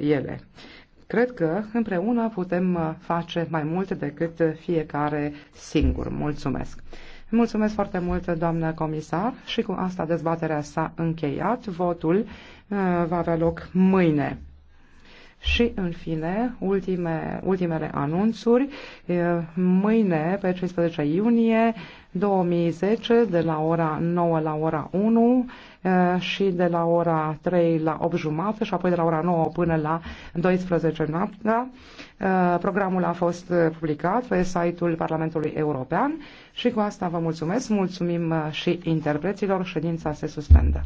ele. Cred că împreună putem uh, face mai mult decât fiecare singur. Mulțumesc! Mulțumesc foarte mult, doamnă comisar, și cu asta dezbaterea s-a încheiat. Votul uh, va avea loc mâine. Și, în fine, ultime, ultimele anunțuri. Mâine, pe 15 iunie 2010, de la ora 9 la ora 1 și de la ora 3 la 8 jumate și apoi de la ora 9 până la 12 noaptea. Programul a fost publicat pe site-ul Parlamentului European și cu asta vă mulțumesc. Mulțumim și interpreților. Ședința se suspendă.